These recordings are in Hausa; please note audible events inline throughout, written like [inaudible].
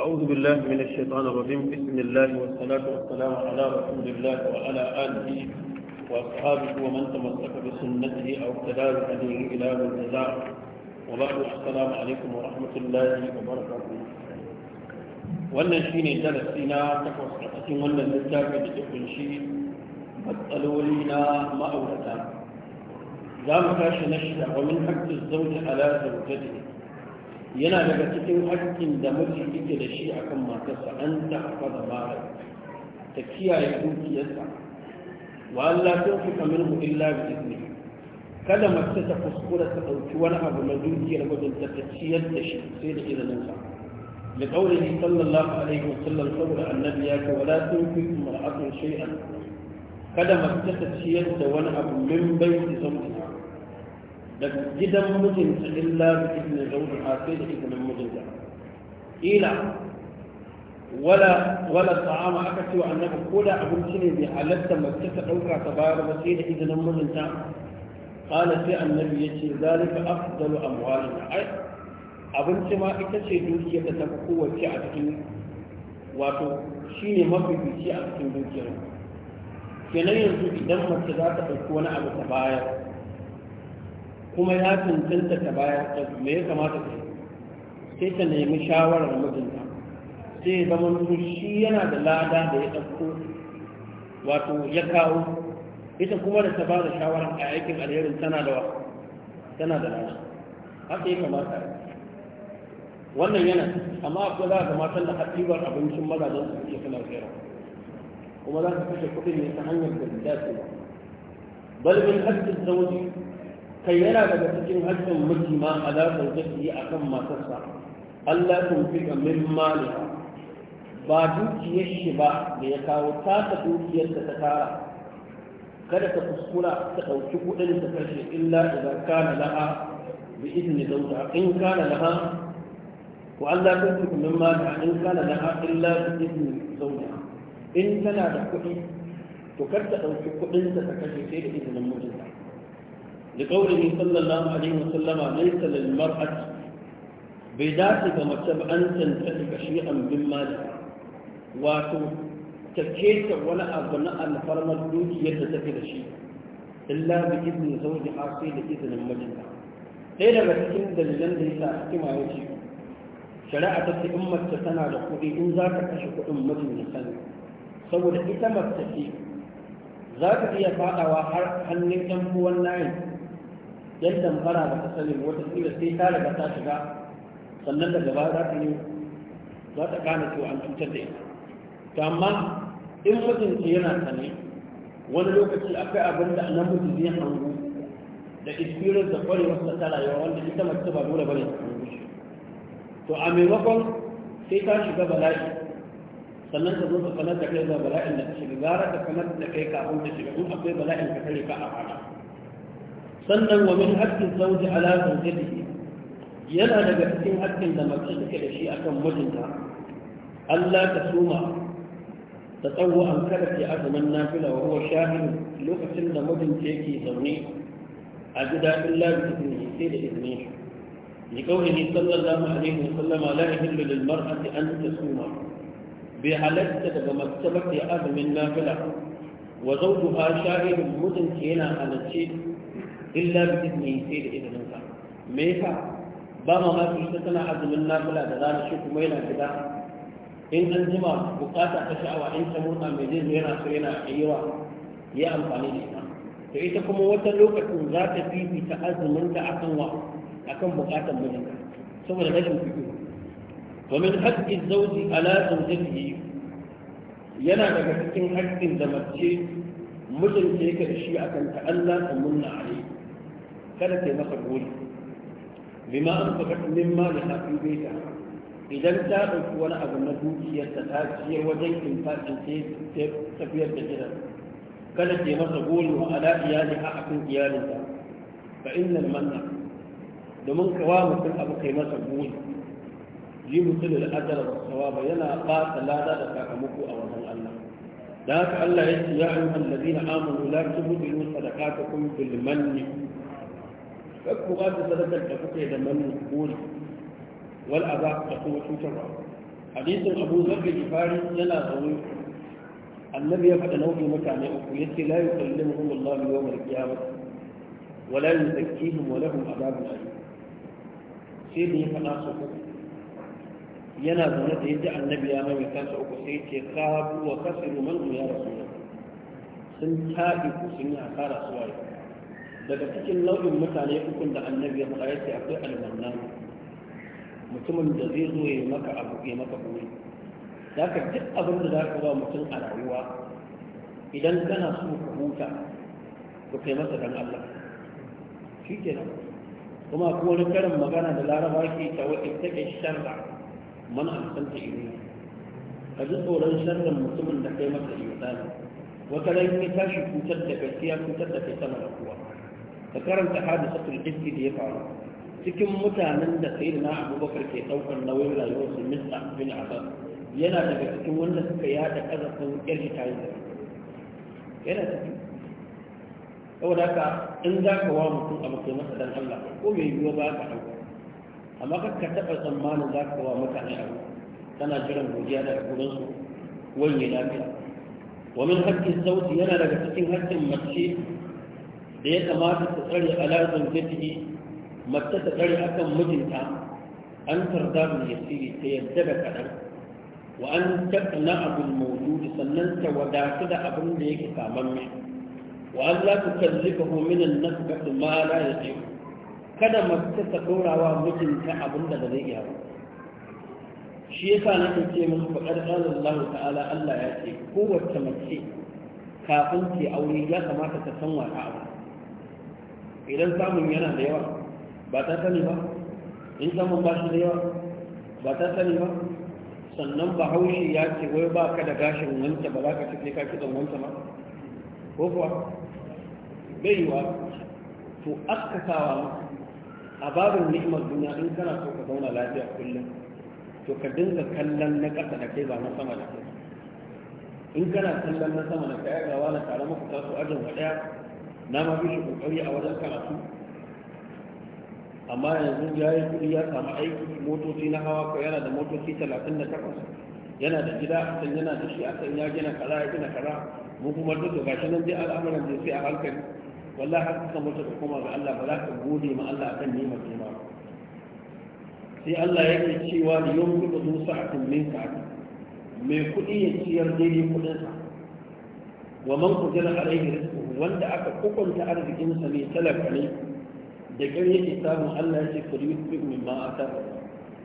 أعوذ بالله من الشيطان الرجيم بسم الله والصلاة والسلام على رسول الله وعلى آله وأصحابه ومن تمسك بسنته أو اقتدى بهديه إلى الجزاء وبعد السلام عليكم ورحمة الله وبركاته wannan shi ne darasi na takwas a cikin wannan شيء da ta ما matsaloli na ma'aurata za mu tashi na shida wa min yana daga cikin haƙƙin da mace yake da shi akan matarsa an ta hafa da mara ta kiyaye dukiyarsa wa Allah tun fi kamar mu illa bi izini kada mace ta kuskura ta ɗauki wani abu na dukiyar mijinta ta ciyar da shi sai da izininsa da ƙaurihi sallallahu alaihi sallam, saboda annabi ya ce wala sun fi kuma a kan shay'an kada mace ta ciyar da wani abu min bai su zama da gidan mijinta illa bi izinin zawjiha sai da izinin mijinta ila wala wala ta'ama aka ce wa annabi ko da abinci ne bai halatta mace ta dauka ta bayar ba sai da izinin mijinta qala sai annabi yace zalika afdalu amwalina ai abinci ma ita ce dukiyar da ta kowace a cikin wato shine mafifici a cikin dukiyar kenan yanzu idan mace za ta ɗauki wani abu ta bayar kuma ya cancanta ta baya ta me ya kamata ta sai ta nemi shawarar mijinta sai ya zama shi yana da lada da ya ɗauko wato ya kawo ita kuma da ta ba da shawarar a aikin alherin tana da tana da lada haka ya kamata wannan yana amma akwai za ga matan da haɗibar abincin mazajen su ke suna zira kuma za ka kashe kuɗin ne ta hanyar da ta dace ba bal min haƙƙin zauji kai yana daga cikin haƙƙin miji ma yi a kan matarsa Allah fi tunfika min maliha ba dukiyar shi ba da ya kawo tasa dukiyar da ta tara kada ka kuskura ta ɗauki kuɗin ta kashe illa idan kana laha bi izini zauta in kana laha ko Allah tunfika min maliha in kana laha illa bi izini zauta in tana da kuɗi to kar ta ɗauki kuɗin ta kashe sai da izinin mijinta لقوله صلى الله عليه وسلم ليس للمرأة بذاتك مكتب أن تنتهك شيئا مما لك واتو تكيت ولا أبناء الفرمة الدوكية تتكد شيء إلا بإذن زوجها سيد إذن المجنة ɗaya daga cikin dalilan da yasa hikima ya ce shari'a ta ce in mace tana da kuɗi in za ka kashe kuɗin mijin sani saboda ita mace ce za iya faɗawa har hannun ɗan uwan yan damfara ba ta sani wata kila sai ta riga ta shiga sannan daga baya za ta yi za ta gane cewa an cutar da ita to amma in mutunci yana sane wani lokaci akwai abin da namiji zai hango da experience da kwarewar sa ta rayuwa wanda ita mace ba dole bane ta hango shi to a maimakon sai ta shiga bala'i sannan ka zo ka sanar da kai da bala'in da ka shiga gara ka sanar da kai kafin ta shiga in akwai bala'in ka kare ka a fara sannan wa min haƙƙin zauji ala zaujati yana daga cikin haƙƙin da mace take da shi akan mijinta Allah ta suma ta tsawo an kada ke azumin nafila wa huwa shahin lokacin da mijinta yake zaune a gida illa bi izini sai da izini لقوله صلى الله عليه وسلم لا يحل للمرأة أن تصوم بحلت بمكتبة أب من نافلة وزوجها شاهد مدن كينا yana الشيء illa bi izini sai da izinin sa me yasa ba mamaki ita tana azumin nafila da rana shi kuma yana gida in an jima bukata ta sha'awa in ta murna mai zai zo yana so yana ayyuwa ya amfani da ita to ita kuma wata lokacin za ta fifita azumin ta akan wa akan bukatar mijinta saboda rashin fikihu ومن حق الزوج على زوجته yana daga cikin haƙƙin da mace mijinta yake da shi akan ta Allah ta munna alai kada ta yi masa gori bima an faka min ma da hafi baita idan ta ɗauki wani abu na dukiyarta ta ciyar wajen infaqin sai tafiyar da gidan kada ta yi masa gori wa ala iyali a akan iyalinta fa innal manna domin kawa mutum abu kai masa gori yi mutum da ajara da sawaba yana ba lada da sakamako a wajen Allah da haka Allah ya ce ya ayyuhan ladina amanu la tubdilu sadaqatukum bil manni kar ku ba da sadakar da kuke da man gori wal azab da kuma cutarwa hadisin abu zarga gifari yana zaune annabi ya faɗa nau'in mutane uku ya yace la yukallimuhum Allah yawm al-qiyamah wa la yuzakkihim wa lahum adabun alim sai da ya faɗa su yana zaune da yadda annabi ya mai kansa uku sai ce kabu wa kasiru man ya rasulullah sun tabi ku sun yi asara su waye daga cikin nau'in mutane hukun da annabi ya faɗa yace akwai almanna mutumin da zai zo ya maka abu ya maka buri ka duk abin da za zaka ba mutum a rayuwa idan kana so ka huta to kai masa dan Allah shikenan kuma akwai wani karin magana da laraba ke ta wata take sharra mana amsanta ilmi ka ji tsoron sharrin mutumin da kai masa ihsani wata ran ya tashi cutar da gaskiya cutar da kai sama da kowa ka karanta hadisatul ifki da ya faru cikin mutanen da sayyidina abubakar ke daukar nauyin rayuwar su mista bin abbas yana daga cikin wanda suka yada kazafin irki tayi yana cikin saboda haka in za ka wa mutum abu kai masa dan Allah ko mai yiwuwa ba ka dauka amma ka ka taɓa tsammanin za ka wa mutane abu tana jiran godiya da gurinsu wani lafiya ومن حق الزوج yana لك cikin حق mace. da ya kamata ta tsare alaƙar gajiyi mace ta tsare akan mijinta an tarda da yasiri ta yadda da kaɗan wa an na abin mawudu sannan ta wadatu da abin da yake saman mai wa an za ku kallika hominan na su ma la ya ce kada mace ta ɗora wa mijinta abin da zai iya Shi ya sa na kan ce musu faɗar Allah ta'ala Allah ya ce kowace mace kafin ke aure ya kamata ta san wata abu idan samun yana da yawa ba ta sani ba in samun ba shi da yawa ba ta sani ba sannan ba haushi ya ce wai ba ka da gashin wanta ba za ka cike ka kitson wanta ba ko kuwa baiwa to askasawa a babin ni'imar duniya in kana so ka zauna lafiya kullum to ka dinga kallon na ƙasa da kai ba na sama da kai in kana kallon na sama da kai a gawa na tare muku taso ajin wa ɗaya na ma bishi kokari a wajen karatu amma yanzu ya yi kuɗi ya samu aiki motoci na hawa ko yana da motoci talatin da takwas yana da gida a can yana da shi a can ya gina kara ya gina kara, mu kuma duk da gashi nan dai al'amuran da sai a hankali wallahi har kuka mutu ka koma ga Allah ba za ka gode ma Allah akan ni'imar da ma sai Allah ya yake cewa da yau kuka zo sa'atin min sa'ati mai kuɗi ya ciyar daidai kuɗinsa wa man kujira alaihi wanda aka kukunta arzikinsa ne talaka ne da kyar yake samun Allah ya ce kuri yusuf min ma ata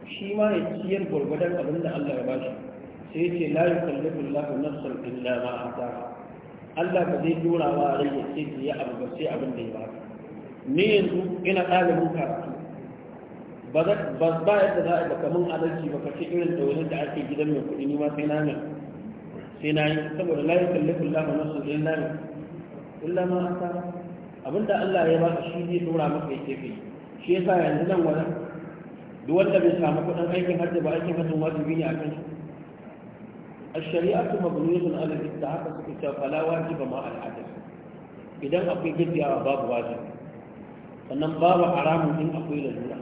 shi ma ya ciyar gwargwadon abin da Allah ya bashi sai ya ce la yukallifu Allahu nafsan illa ma ata Allah ba zai dora wa rai ya ce ya abu ba sai abin da ya ba ni yanzu ina ɗalibin karatu ba ba yadda za a ba kaman adalci ba kace irin da tsawonin da ake gidan mai kuɗi ni ma sai na sai na yi saboda la yukallifu Allahu nafsan illa ma illa ma aka abinda Allah ya baka shi zai dora maka yake kai shi yasa yanzu nan wannan duk wanda bai samu kudin aikin hajji ba aikin hajjin wajibi ne akan shi الشريعة مبنية على الاتعاق فلا واجب مع الحدث idan akwai gajiyawa babu wajibi sannan babu haramun in akwai lalura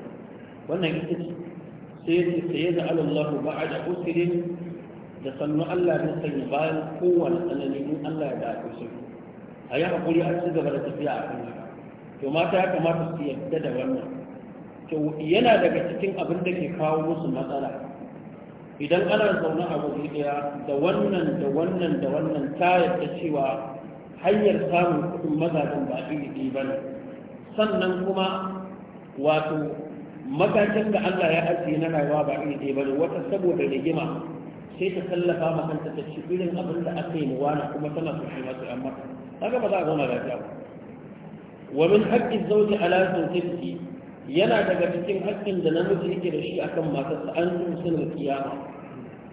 wannan ita ce sai da saye da alallahu ba a da usirin da sannu allah ne sanya bayan kowane tsanani in allah ya da akwai a yi haƙuri a ci gaba da tafiya a kan to mata ya kamata su yadda da wannan to yana daga cikin abin da ke kawo musu matsala idan ana zaune a wuri ɗaya da wannan da wannan da wannan ta yadda cewa hanyar samun kuɗin mazajen ba iri ba ne sannan kuma wato matakin da Allah ya ajiye na rayuwa ba iri ɗaya ba ne wata saboda rigima sai ta tallafa ma kanta ta ci irin abin da aka yi muwana kuma tana so shi masu ‘yan mata haka ba za a zauna lafiya ba wa haƙƙin zauji ala sautinki yana daga cikin haƙƙin da namiji yake da shi akan matarsa an tumsin da kiyama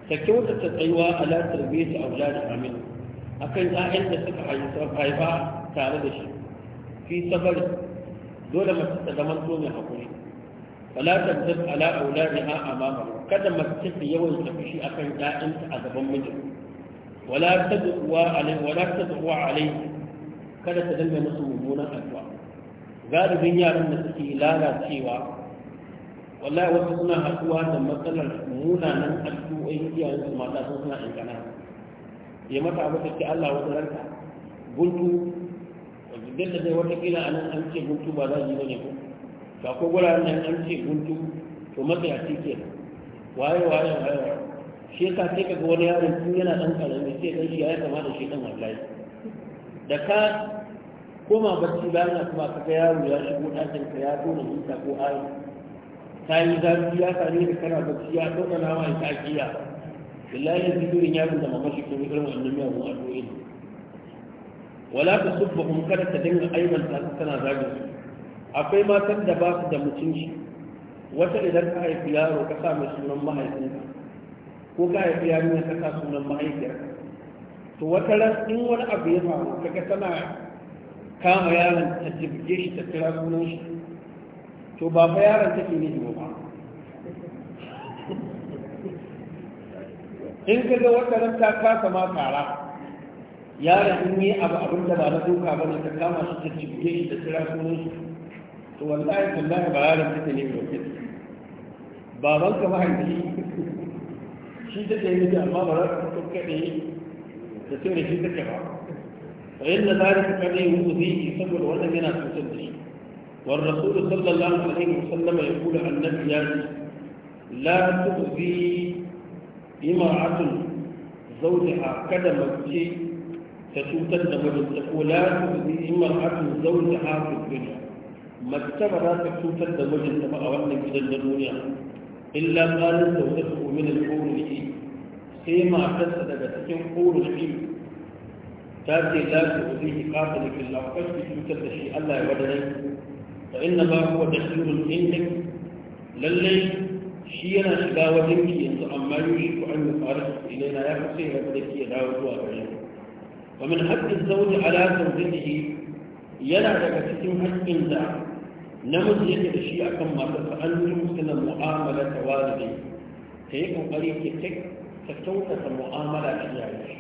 ta kyautata tsayuwa ta tarbiyyati auladi amin akan ƴaƴan da suka haifa tare da shi fi sabar dole mace ta zama to mai haƙuri. fala tabdab ala auladiha amama kada mace ta yawan ta fushi akan ƴaƴanta a gaban mijin wala tadwa alai wala tadwa alai kada ta dinga musu mummunan addu'a galibin yaran da suke lalacewa wallahi wasu suna haɗuwa da matsalar munanan addu'o'in iyayen su mata sun suna in kana ya mata abu take Allah wata ranka guntu wajen da zai wata kila anan an ce guntu ba za ji bane ko ba ko guraren nan an ce guntu to matsayaci ke waye waye waye shi yasa sai ga wani yaron tun yana dan karami sai dan shi ya kama da shi dan wallahi da ka koma barci bayan kuma masu ta yaro ya shigo ɗakin ka ya tona duka ko ayi ta yi zafi ya same ka kana barci ya ɗauka nama ya kakiya billahi zikirin yaron da mamashi ko irin wannan miyagun addu'o'in wala ta kuma kada ta dinga ta su tana zagin su akwai matan da ba su da mutunci wata idan ka haifi yaro ka sa mai sunan mahaifinka ko ka haifi yaro ka sa sunan mahaifiyarka to wata ran in wani abu ya faru kaga tana kama yaron ta jibge shi ta kira sunan shi to ba fa yaron take ne ba in ka ga wata ran ta kasa ma fara yaron in yi abu abin da ba na duka ba ne ta kama shi ta jibge shi ta kira sunan shi to wallahi tallahi ba yaron take ne ba baban ka mahaifi [laughs] shi take ne amma ba za ka kaɗe da tun da shi take ba fa inna zalika qad yuzihi saboda wannan yana cutar da shi wa rasul sallallahu alaihi wasallam ya kula annabi ya ce la tuzi imra'atun zawjaha kada mace ta cutar da ta, ko la tuzi imra'atun zawjaha fi dunya mace ba za ta cutar da ta ba a wannan gidan da duniya illa qalat zawjatu min al-qawli sai matarsa daga cikin ƙoro shi ta ce za su wuzi ki kafa da fil lafas ki cutar da shi Allah ya wadare fa inna ba kuwa huwa dashirul indak Lallai, shi yana shiga wajen ki yanzu amma yushi ku an yufara ilaina ya fi sai ya da ki ya dawo zuwa gare ni wa min sauti a ala zawjihi yana daga cikin haƙƙin da namiji yake da shi akan masu an yi musulun mu'amala ta walidai ta yi kokari ke take ka kyautata mu'amala da iyaye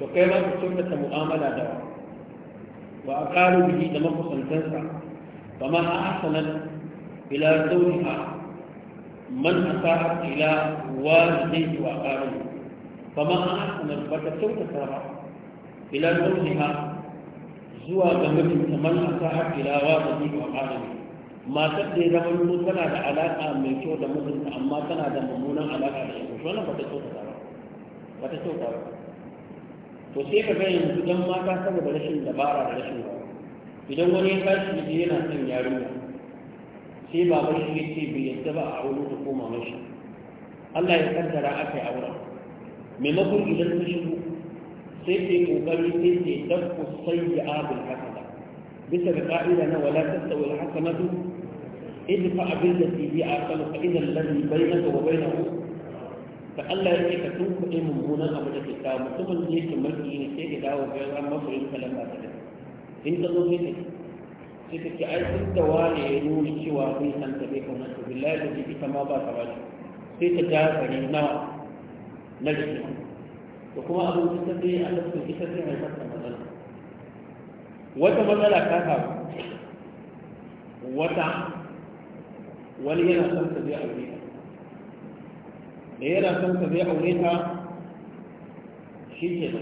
to kai ma ka kyautata mu'amala da wa a ƙarin bihi da makusantansa ba ma a asanan ila ha, man asara ila yi wa ƙarin ba ma a asanan ba ta kyautata ba ila ha, zuwa ga mijinta man asara ila yi wa ƙarin matar da ya zama tana da alaƙa mai kyau da mutunta amma tana da mummunan alaƙa da shi shi wannan ba ta ba ta to sai ka yanzu mata saboda rashin dabara da rashin ba idan wani ya tashi yaje yana son yarinya sai baban shi ya ce bai yadda ba a aure ta koma mashi Allah ya kaddara aka yi auren maimakon idan ta shigo sai ta yi kokari sai ta yi dabku sai ya abin hasana bisa ga ka'ida na wala tasawi alhasanatu idfa abin da TV a kan fa'idan ladhi bainaka wa bainahu Ka Allah ya ce ka tun kuɗi mummunan abu da ke kawo mutumin da yake mulki ne sai ka dawo ga an masa yin kalan ba da in ka zo ne sai ka ce ai duk da wani ya nuna cewa zai san ta bai kuma to billahi da ji ita ma ba ta ba sai ta ja gari na na jiki Da kuma abin da ta sai Allah ta ita sai mai da matsala wata matsala ta faru wata wani yana son ta zai aure ka da yana son ka zai aure ta shi ke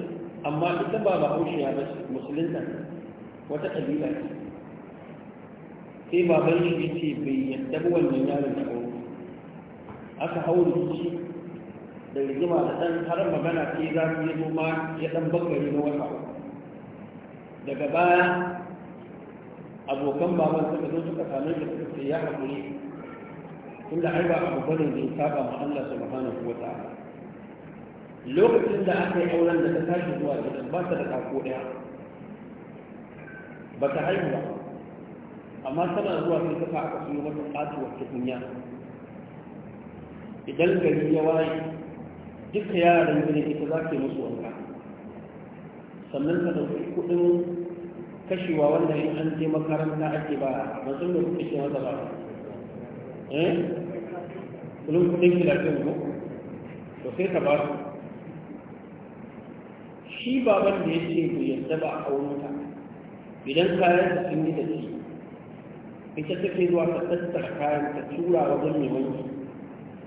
amma ita ba ba haushiya ba musulunta wata ƙabila ce sai baban shi ce bai yadda ba wannan yaron da aure aka haure shi da rigima da ɗan har magana ke za su yi noma ya ɗan bakari na wata daga baya abokan baban suka zo suka same shi suka ya haƙuri tunda ai ba abu bane da ya saba ma Allah subhanahu wa ta'ala lokacin da aka yi auren da ta tashi zuwa gidan ba ta da kako daya ba ta haihu ba amma tana zuwa sai ta fa aka siyo mata katuwar tukunya idan gari ya waye duk yaran gani ita za ta yi musu wanka sannan ka dauki kudin kashewa wanda in an je makaranta ake ba ban san da kuke cewa ba eh kullum kudin kilafin ko to sai ka ba su shi baban da ya ce ku yadda ba a aunuka idan kayan da sun da shi ita take zuwa ta tattara kayan ta tura wajen mai wanki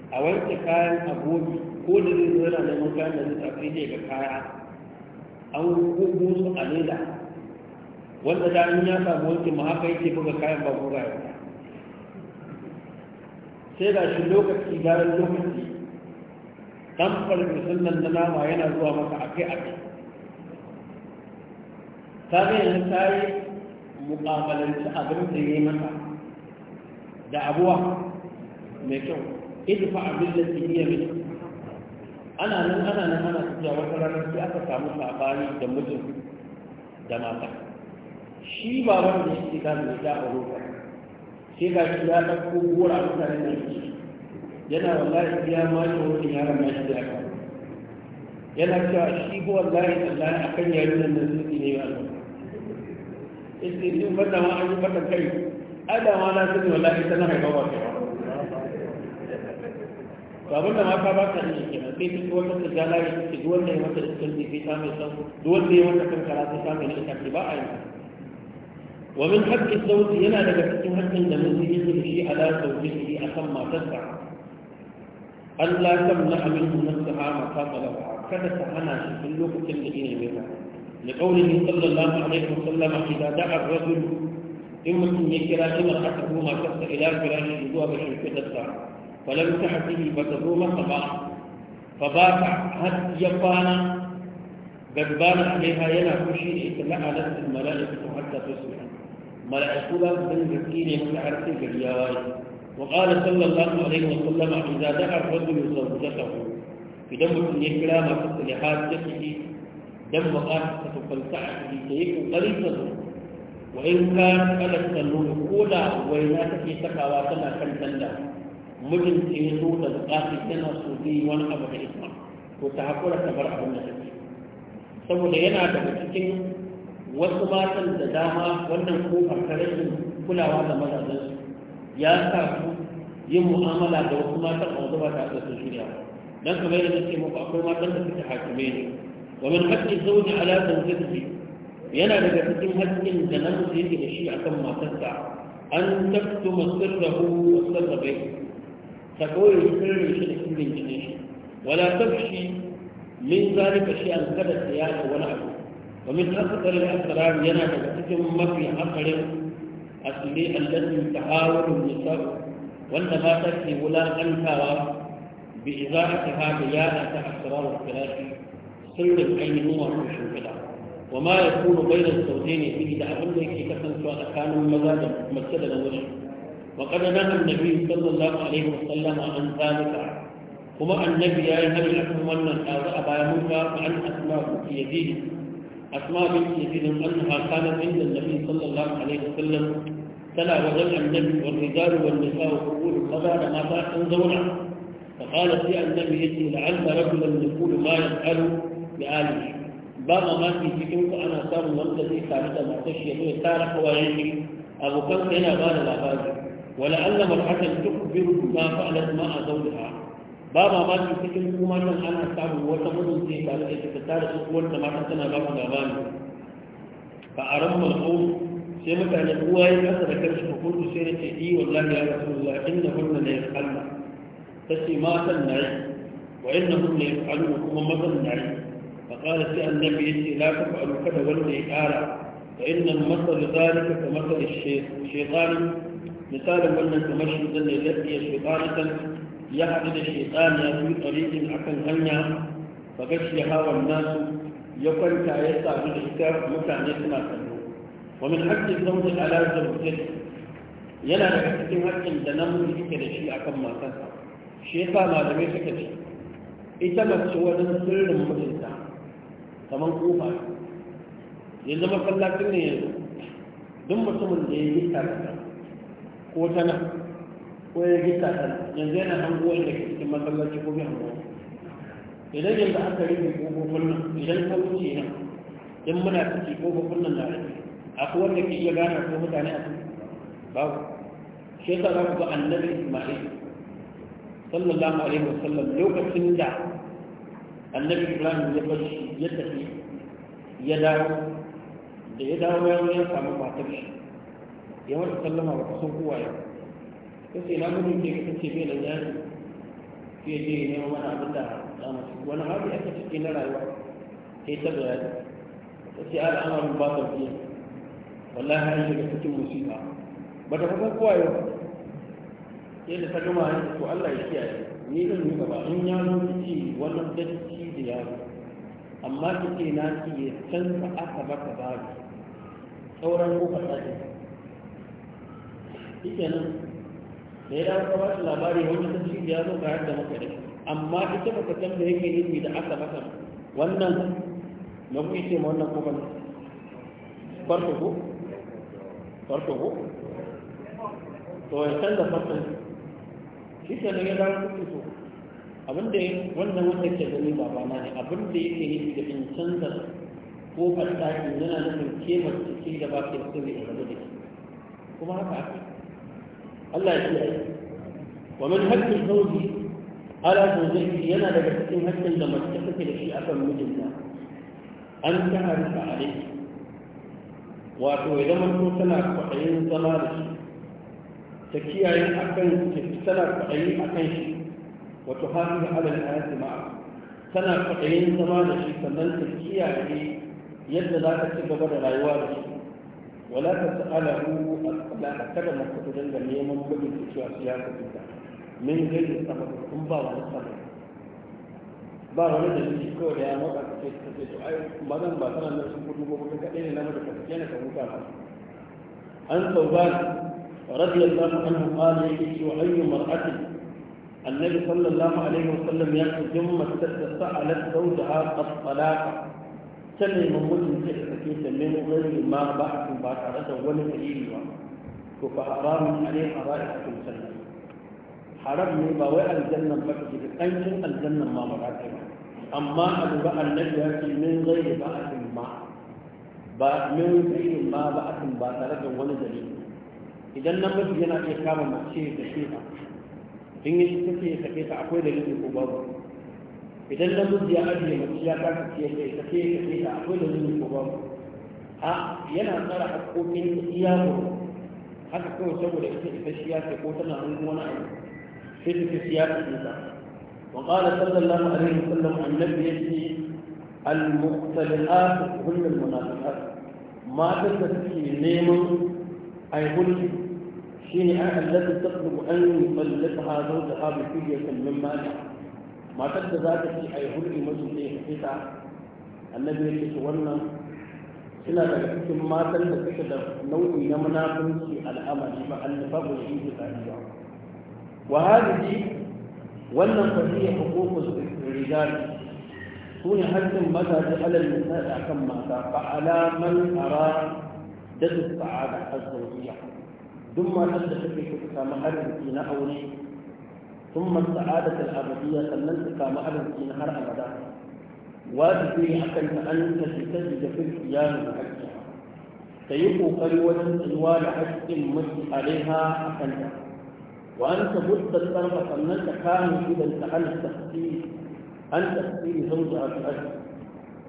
a wanke kayan agogi ko da zai zo yana neman kayan da zai tafi ne ga kaya an gugu su a leda wanda da in ya samu wanki ma haka yake buga kayan ba buga sai da shi lokaci bayan lokaci dan farfesun nan na nama yana zuwa maka akai akai ta ga yanzu ta yi muƙabalanci abin da ya yi mata da abuwa mai kyau fa abin da iya mai ana nan ana nan ana tafiya wata ranar sai aka samu sabani da mutum da mata shi ba wanda yake gano ya da a sai ga shi ya ɗauko gora a mutanen da ke yana wallahi ya ma shi wani yaran ma shi da yana cewa shi ko wallahi tsallahi a kan yarunan nan sun ne ba ba ita yi bata ma an yi bata kai adama na sun wallahi ta haifa ba kai ba abin da mata ba ta ne ke sai duk wata ta jala ya ta duk wanda ya mata iskan ne sai ta mai san ya mata kankara ta mai ne ita ba a yi ومن حق الزوج ينا لك حق حق لمن يجري على زوجته أخم ما تسعى ألا تمنع منه نفسها ما خاف لها كذا تهنا في الوقت الذي منها لقوله صلى الله عليه وسلم إذا دعا الرجل إن مسلم يكرا إما حقه ما كسر إلى فراشه ذو بشر كذا فلم تحته فتدوم صباح فبات حتى يبان غضبان عليها ينا خشي إتلاع نفس الملائكة حتى تصبح mala'iku za su san gaske ne maka har sai gari ya waye wa qala sallallahu alaihi wa sallama idza da'a rajul zawjatahu idan mutum ya kira masu salihat da kike dan buƙatar ta tafalta a cikin ta yi ƙoƙarin ta zo wa in ka kalar sallu ko da Wai waina take sakawa tana kan danda? Mutum ta ya zo da buƙatar yana so zai wani abu da isma Ko ta haƙura ta bar abin da ta ke? saboda yana daga cikin wasu matan da dama wannan ko ta rashin kulawa da mazajensu ya sa su yi mu'amala da wasu matan a wasu mata da sun shirya dan kamar yadda nake muku akwai matan da suke hakime ne wa min haqqi zawji ala zawjatihi yana daga cikin haƙƙin da namiji yake da shi akan matarsa an taktuma sirrahu wa sirra bai ta koyi sirrin shi da sirrin jinin shi wala tabshi min zalika shi an kada ta yaɗa wani abu ومن أكثر الأسرار ينا تكتم مفي أقر أسلي التي تحاول النساء والنبات في ولا أنكار بإذاعتها بياءة أسرار الثلاث سر العين نور الشنكلة وما يكون بين الزوجين فيه دعوة لك كفن سواء كانوا مزاجا مسجدا وجه وقد نهى النبي صلى الله عليه وسلم عن ذلك وما النبي يا هل لكم من هذا أبا موسى فعن أسماء يزيد asma bin kifin annaha kanat inda annabi sallallahu alaihi wasallam tana wajen annabi wal rijalu wan nisa'u qul qada da mata sun zauna fa sai annabi yace la'alla rajulan yaqulu ma yas'alu bi alihi ba mamaki cikin ku ana samun wanda zai tare da matar shi ya raka wayan shi Abokansa yana ba da labari ولعل مرأة تخبر ما فعلت مع زوجها baba ba mamaki cikin kuma nan ana samun wata mutum ce tare da ita ta da su da mata tana ba ku labari ba a ran malko sai mutane uwa ya kasa da kansu ko kudu sai na ce yi wallahi ya rasu rasulullah inna hunna la ta ce matan na yi wa inna hunna la yafalna kuma mazan na yi fa qala sai annabi yace la alu kada wanda ya kara wa inna masal zalika ka masal shaytan misalin wannan kamar shi ne lafiya shaytanan ya haɗu da shaitan ya fi tsarikin akan hanya ba gashi hawan nasu ya kwanta ya samu da ita mutane suna kallo wa min haƙƙin zaune ala zawjati yana daga cikin haƙƙin da namiji suke da shi akan matarsa shi sa malamai suka ce ita mace wajen sirrin mijinta kamar kofa yanzu masallacin ne yanzu duk mutumin da ya yi tare ko tana? ko ya gita kan yanzu yana hanguwar wanda ke cikin masallaci ko bai hanguwa idan yanzu aka rufe ƙofofin nan idan ka wuce nan in muna ciki ƙofofin nan na rufe akwai wanda ke iya gane ko mutane a ciki babu shi yasa za ku ga annabi isma'il sallallahu alaihi wasallam lokacin da annabi ibrahim ya bashi ya tafi ya dawo da ya dawo ya samu matar shi ya wata sallama ba kusan kowa yau kace na gudun ke kace bai da jari ke je ne mana abin da wani ya aka ciki na rayuwa yi ta bayani ta ce al'amarin ba ta biya wallahi yi shiga cikin musiba ba ta kusan kowa yau sai da ta gama hanyar ko Allah ya kiyaye ni zan yi gaba in ya zo ci wannan dacci da yaro amma ce na ci ya canza aka baka babu sauran ko fasashi shikenan da ya dawo ba shi labari wani sun ya zo ga yadda maka ne amma ita baka san da yake nufi da aka maka wannan na ku ce ma wannan kuma farko ko farko ko to ya san da farko shi ke nan ya dawo kuɗi so abinda wannan wanda ke gani babana ne abinda yake nufi da in canza ko fasahin yana nufin kemar cikin da ba ke so ne a gaba da kuma haka aka Allah ya kiyaye wa man haqqi zawji ala zawjihi yana daga cikin hakkin da mace take da shi akan mijinta an ta harfa alai wato idan zama tana kwaɗayin zama da shi ta kiyaye akan shi tana kwaɗayi akan shi wato hadu da halin hayati ma'a tana kwaɗayin zama da shi sannan ta kiyaye yadda za ta ci gaba da rayuwa da shi wala ta sa'ala hu al a kada mu kudu dan da neman gudun cewa su ya kudu da min zai yi sabab kun ba wani sabab ba wani da shi kawai ya maka kace kace to ai ba zan ba sanan da sun kudu gobe kada ne na maka kace ne ka ba an annabi ya ta nemi mutum ta da kake ta nemi wani ma ba su ba tare da wani dalili ba to fa haramun alai haramun a cikin sallah haram ne ba wai aljannan ba ce kancin aljannan ma ba ta ba amma a duba annabi ya ce min zai ba a cikin ma ba min zai ma ba a cikin ba tare da wani dalili idan namiji yana iya kama mace da shi in yi take take ta akwai dalili ko babu idan na mutu ya ajiye mace ya kasa ce kai ka ce ka ce ta akwai da zuri ko babu a yana tsara haƙoƙin iyamu haka kawai saboda ita ita shi ya ce ko tana hannun wani abu sai ta fi ya ce ta وقال صلى الله عليه وسلم عن النبي يجي المختلفات هن المنافقات ما تستطيع نيم أي هن شيء التي تطلب أن يطلقها زوجها بفدية من مالها matar da za ta fi a yi hulɗi mutum ne ya fita annabi ya ce wannan suna daga cikin matan da suka da nau'i na munafunci al'amari ba annababu da yi da ba wa hadisi wannan fasiya hukumus rijal sune haƙƙin mazaje alal da akan mata fa ala man ara da su sa'ada azzawiya duk matan da take kuka samu arziki na aure ثم السعادة الأبدية سننتك مألا في نهر أبدا واجبي أكن أنت تجد في القيام بحقها سيقو قريوة سنوال حج مس عليها أكنها وأنت بدت الطرف سننتك كان إذا انتهى التفسير أن تفسير زوجها في أجل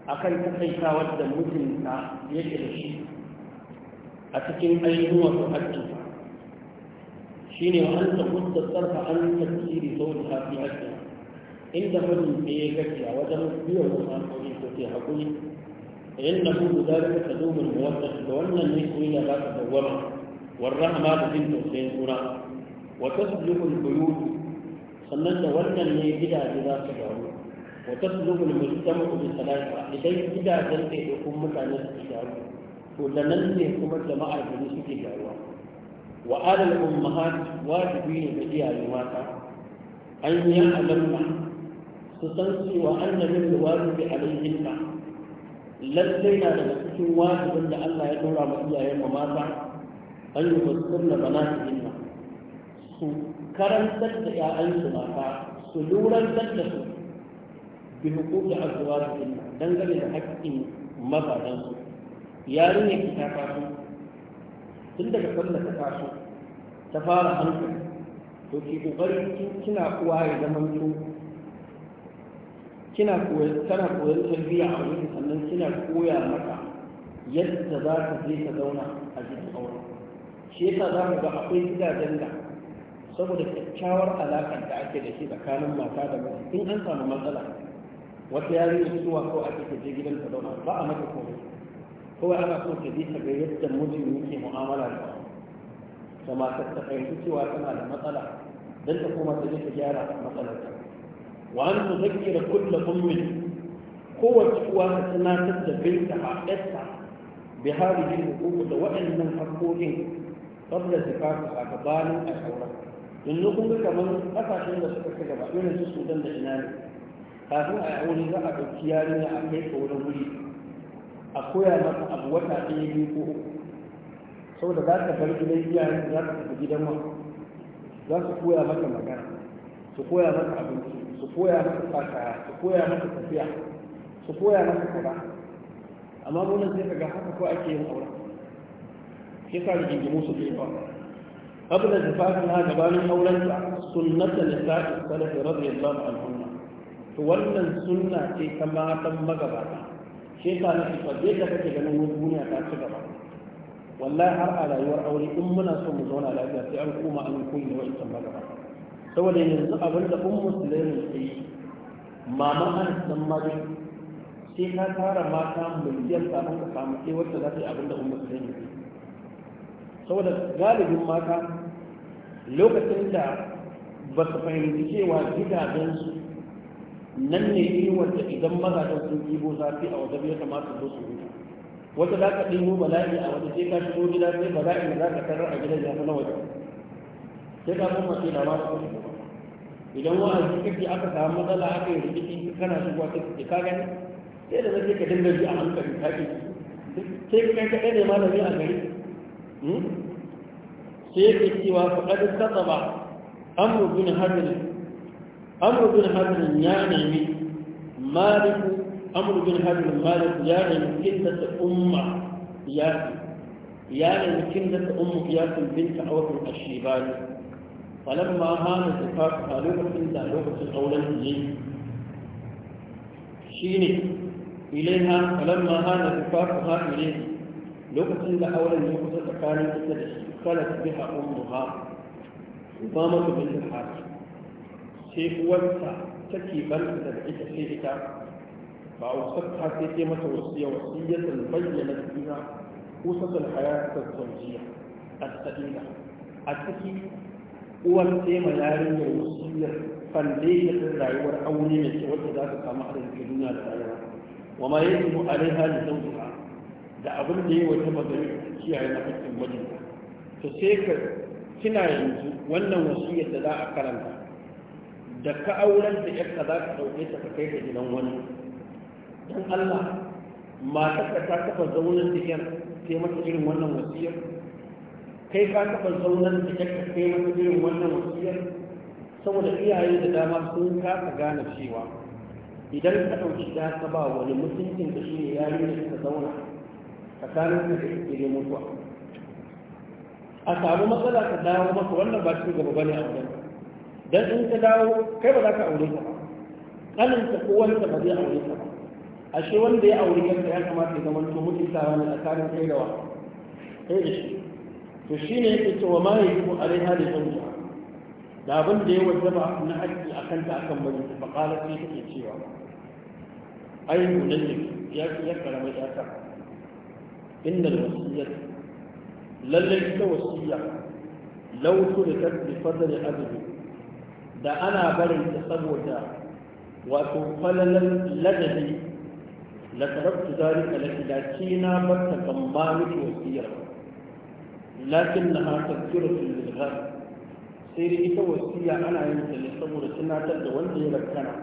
أكن تقيتا ودى مجنك يجري الشيء cikin أي هو haƙƙinsa Shi shine an ta kunta sarfa an tafsiri sauri hafi haƙƙi inda mutum ne ya gaci a wajen biyan musamman ko ke haƙuri inda mu guda da ta domin muwatsa da wannan ne soyayya za ta dawwama والرحمة بنت حسين قرى وتسلك البيوت sannan da wannan ne gidaje za su gyaru wa taslubu al-mujtama bi salatiha idan gidajen da yake kun mutane su gyaru to da nan ne kuma jama'ar ne suke gyaruwa wa alal ummahat wajibi ne ga iyaye mata an yi alamma su san cewa annabin da wajibi alaihinna lallai na daga cikin wajibin da Allah ya dora ma iyayen mata an yi fuskar da bana su su karantar da ‘ya'yansu mata su lurantar da su bi hukuki a zuwa su inna dangane da haƙƙin mazajensu yarin ya kita tun daga sanda ta taso ta fara hankali to ki kokari kina kuwa ya zama to kina koyar koyar tarbiyya a wurin sannan kina koya maka yadda za ka je ka zauna a cikin aure shi yasa za mu ga akwai gidajen da saboda kyakkyawar alaƙar da ake da shi tsakanin mata da mata in an samu matsala wata yarinya zuwa ko a cikin je gidan ta zauna ba a mata komai kawai ana so ta bi ga yadda mijin yake mu'amala da ta matar ta fahimci cewa tana da matsala don ta koma ta ta gyara matsalar ta wa an su zakira kulla ummi kowace uwa ta tunatar da binta a ɗasta bi harihin hukumu da waɗannan haƙƙoƙin qabla zifatu a gabanin a saura yanzu kun ga kamar ƙasashen da suka fi gaba irin su sudan da ina ne kafin a yi aure za a ɗauki yarinya a kai ta wurin wuri a koya maka abu wata ɗaya biyu ko uku saboda za ka bar gidan iyayen za ka tafi gidan wa za su koya maka magana su koya maka abinci su koya maka fasara su koya maka tafiya su koya maka kura. amma munan sai ka ga haka ko ake yin aure shi sa da gingimu su ke ba gabanin auren ta أولا سنة نساء السلف رضي الله to wannan sunna ce ta matan magabata shi yasa na ce fa da kake ganin wani duniya ta ci gaba wallahi har a rayuwar aure in muna son mu zauna lafiya sai an koma an koyi da tambaga ba. saboda yanzu abin da ummu sulaiman ta yi mama anas dan mari sai ka tara mata miliyan kafin ka samu sai wacce za ta yi abin da ummu sulaiman ta yi saboda galibin mata lokacin da ba su fahimci cewa gidajensu nan ne inuwar wanda idan mazajen sun ɗibo zafi a wajen ya kamata zo su huta wata za ka ba bala'i a wata sai ka shigo gida sai bala'i da za ka tarar a gidan ya na waje. sai ka kuma sai labarin su shigo idan wa'azi kake aka samu matsala aka yi rikici kana shigowa sai ka ka gani sai da zai ka dinga ji a hankali ka ke sai ka kai ne malami a gari hmm? sai ce wa faɗaɗin kasaba amru bin harbin عمرو بن حبل يعني مالك عمرو بن حبل مالك يعني من يعني كندة أم ياسم يعني من كندة أم ياسم بنت عوف الشيبان فلما هان الزفاف قالوا لكم ذا لغة قولا لي شيني إليها فلما هان الزفاف ها إليه لغة ذا أولا لغة قالوا لكم ذا بها أمها إمامة بنت حاتم ce ta take banta da ita sai ita ba a wasarta sai ke mata wasu wasiya wasiyyatan bayyana duniya kusatul hayatul zawjiyya as-sadida a A ciki uwar yarinyar sai ma yarinyar wasiyyar ta rayuwar aure mai ce wacce za ta samu arziki duniya da rayuwa wa ma yajibu alaiha li zawjiha da abin da ya wata magana kiyaye na hakkin mijinta to sai ka kina yanzu wannan wasu yadda za a karanta da ka auren da ka za ka ɗauke ta ka kai ka gidan wani don Allah matarka ta kafa zaunar da yan sai mata irin wannan wasiyar kai ka taɓa zaunar da yakka kai mata irin wannan wasiyar saboda iyaye da dama sun kasa gane cewa idan ka ɗauki da ka ba wani mutuncin da shi ne yi da ka zauna tsakanin da ke mutuwa a samu matsala ka dawo maka wannan ba shi gaba bane a wajen dan in ta dawo kai ba za ka aure ta ba kanin ta ko wani ba zai aure ta ba ashe wanda ya aure kanka ya kamata ya zamanto mutuntawa ne a tsarin kai da wa kai da shi to shine yake cewa ma yajibu alaiha da zawja da abin da ya wajaba na haƙƙi akan ta akan bari ta faqala sai take cewa ai munanin ya ya karama ya ta inna al-wasiyyah Lallai ta wasiyya law tulikat bi fadli azumi. da ana barin ta saboda wato falalan ladabi la tarabtu zalika laki da ki na barta kan ba miki wasiyar lakin na ha tafsiratu lil ghar sai da ita wasiya ana yin ta ne saboda tunatar da wanda ya rakkana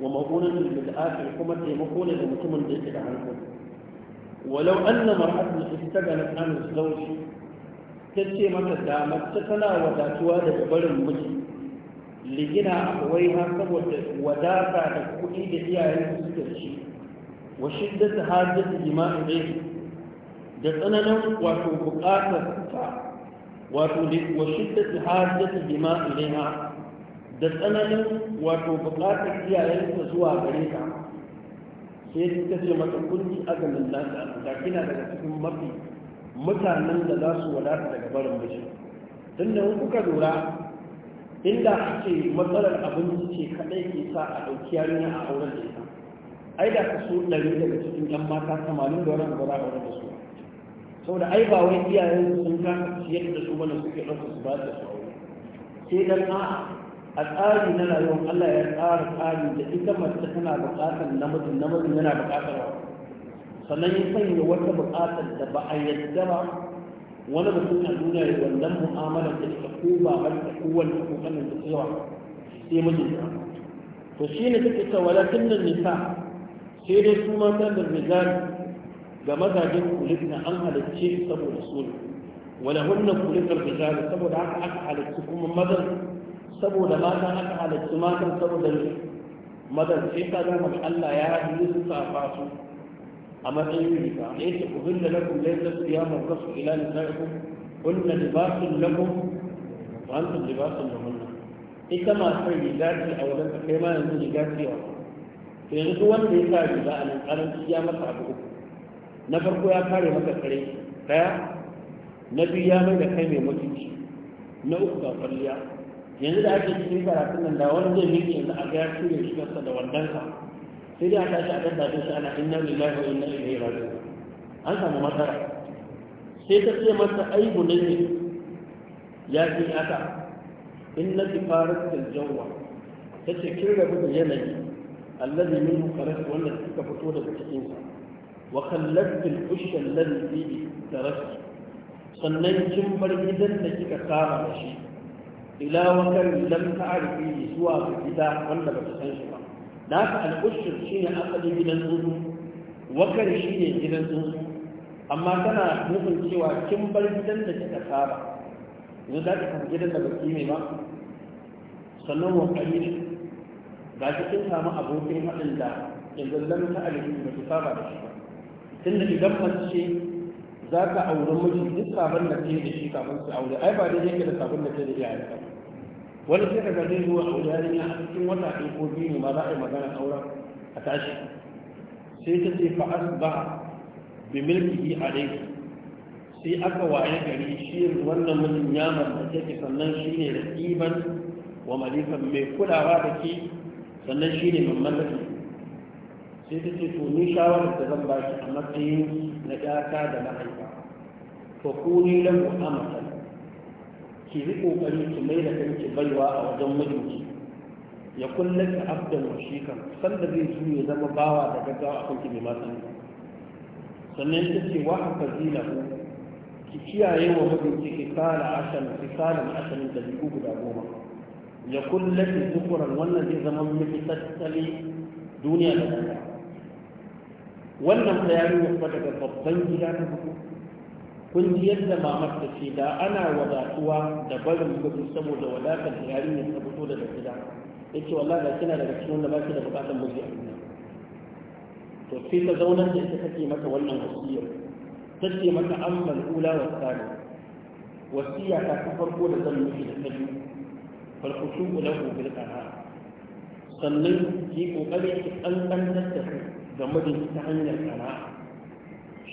wa maqunan lil akhir kuma taimako ne da mutumin da yake da hankali ولو أن مرأة استغنت عن الزوج تتي متى دامت تتنا وداتوا لجبر المجد ligina akwai har saboda wadata da kuɗi da iyayen su suka ci wa shiddatu hajjatu jima'i dai da tsananin wato buƙatar ta wato wa shiddatu hajjatu jima'i dai da tsananin wato buƙatar iyayen su zuwa gare ta sai suka ce mata kulli azamin lafiya da kina daga cikin mafi mutanen da za su wadata daga barin miji tunda kuka lura inda ake matsalar abinci ce kadai ke sa a ɗauki yarinya a auren da ita ai da kaso so ɗari daga cikin yan mata tamanin da wani abu a da su saboda ai ba wai iyayen sun kasa ciyar da su bane suke ɗauka su ba da su aure sai dan a a tsari na rayuwar Allah ya tsara tsari da ita mace tana buƙatar namijin namijin yana buƙatar sannan ya sanya wata buƙatar da ba a yadda ba wani mutum a duniya ya wannan mu'amala ta ita ko ba ta ko wani ko kanin ta yawa sai mu mijinta to shi ne take ta walakin nan nisa sai dai su mata da rijal ga mazajen kulitna an halicce saboda su wala hunna kulitna rijal saboda haka aka halicci kuma mazan saboda mata aka halicci matan saboda mazan sai ka ga Allah ya yi su safa su a matsayin rika da yake ubin da lakum da yadda su yamu kasu ila nisaikum kunna libasun lakum wa antum libasun lahunna ita matar riga ce a wajen ka kai ma yanzu riga ce wa to yanzu wanda ya sa riga a nan karanci ya masa abu uku na farko ya kare maka kare daya na biyu ya mai da kai mai mutunci na uku ga kwalliya yanzu da ake cikin karatun nan da wani zai miƙe yanzu a ga ya shirya shigarsa da wandansa sai dai a shi a kan tafi shi ana inna lillahi wa inna ilaihi raji'un an samu matsala sai ta ce masa ai bunayya ya ce aka inna tifaratul jawwa ta ce kin rabu da yanayi allazi min kharaj wanda suka fito daga cikin sa wa khallatil ushya allazi fi tarasi sannan kin bar gidan da kika saba da shi ila wakar lam ta'rifi zuwa gida wanda ba ta san shi ba da haka al'ushir shi ne asalin gidan tsuntsu wakar shi ne gidan tsuntsu amma tana nufin cewa kin bar gidan da kika saba yanzu za ki tafi gidan da ba ki mai ba sannan wa kalil ga ki kin samu abokin haɗin da yanzu lam ta alihi ba ki saba da shi ba tunda idan mace za ka auri miji duk sabon da ke da shi kafin su aure ai ba dai yake da sabon da ke da iyayen ba wani sai daga zai zuwa a yarinya a cikin wata ɗin ko biyu ne ma za a yi magana auren a tashi sai ta ce fa'as ba bi milkihi a dai sai aka waye gari shi wannan mutum ya mallake ki sannan shi ne da ƙiban wa malikan mai kulawa da ki sannan shi ne mai mallaki sai ta ce to ni shawarar da zan ba shi a matsayin na ɗaka da mahaifa to ku ni lahu amatan ki yi kokari ki mai da kanki baiwa a wajen mijinki ya kulle ki abdan mushikan sanda zai su ya zama bawa da gaggawa a kanki bai ma sani sannan ta ce wa haka zila ku ki kiyaye wa mijinki ki kala ashan ki kala ashan da biyu guda goma ya kulle ki zukuran wannan zai zama miki tattali duniya da duniya wannan ta yi wasu daga babban gida ta hukuku kun ji yadda mamar ta ce da ana wadatuwa da barin gudu saboda wadatar da yarinyar ta fito daga gida ya ce wallahi da kina daga cikin wanda ba ki da bukatar miji a duniya to sai ta zaunar da ita take mata wannan wasiyar ta ce mata amman ula wa tsari wasiya ta ta farko da zan miki da ta biyu farkushu ulahu bil qara sannan ki kokari ki kankantar da ga mijinki ta hanyar sana'a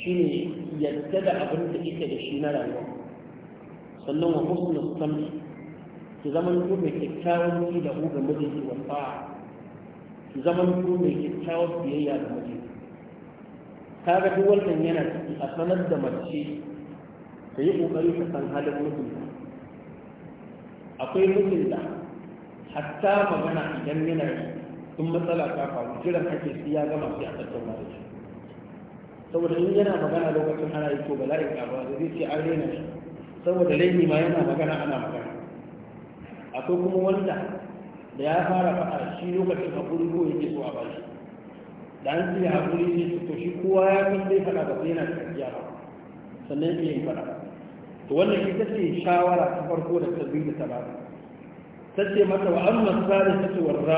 Shi ne yadda da abin da ita da shi na rayuwa sannan wa husnul sam'i ki zaman ku mai kyakkyawan ji da ku ga mijinki wa fa? ki zaman ku mai kyakkyawan biyayya da mijinki kaga duk wannan yana ciki a sanar da mace ta yi kokari ta san halin mijinta akwai mijinta hatta magana idan yana yi sun matsala ta faru jiran ake siya gama sai a tattauna da shi saboda in yana magana lokacin ana yi ko bala'in kafa da zai ce an rena shi saboda laifi ma yana magana ana magana akwai kuma wanda da ya fara faɗa shi lokacin haƙuri ko yake so a bashi da an ce haƙuri ne su to shi kowa ya san zai faɗa ba sai yana da ba sannan iya yin faɗa to wannan ta ce shawara ta farko da ta biyu da ta bada ta ce mata wa an masu ta ce wa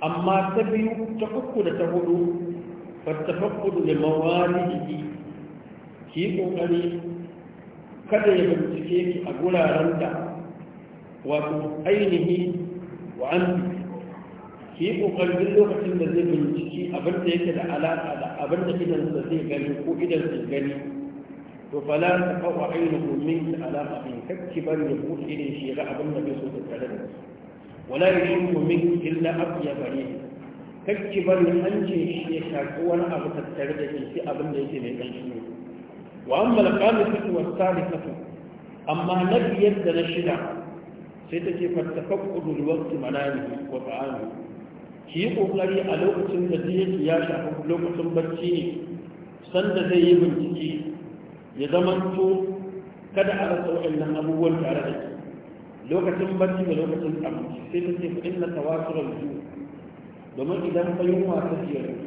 amma ta biyu ta uku da ta hudu fattafakkudu da mawalidihi ki yi ƙoƙari kada ya bincike ki a guraren da wato ainihi wa an ki yi duk lokacin da zai binciki abin da yake da alaƙa da abin da idansa zai gani ko idan zai gani to fala ta kawo ainihin min da alaƙa in kakki bari ya buɗe irin shi ga abin da bai so ta tare da su wala yashin min illa afiya bare kakki bari hancin shi ya shaƙi wani abu tattare da shi sai abin da yake mai ƙanshi ne wa an da fito wa tsari kasu amma na biyar da na shida sai ta ce fattafak ƙudul wakti manani wa ba'ani ki yi ƙoƙari a lokacin da zai ya shafi lokacin barci ne sanda zai yi bincike ya to kada a rasa waɗannan abubuwan tare da ke lokacin barci da lokacin abinci sai ta ce fa inna tawasul ju domin idan fa yunwa ta jiyar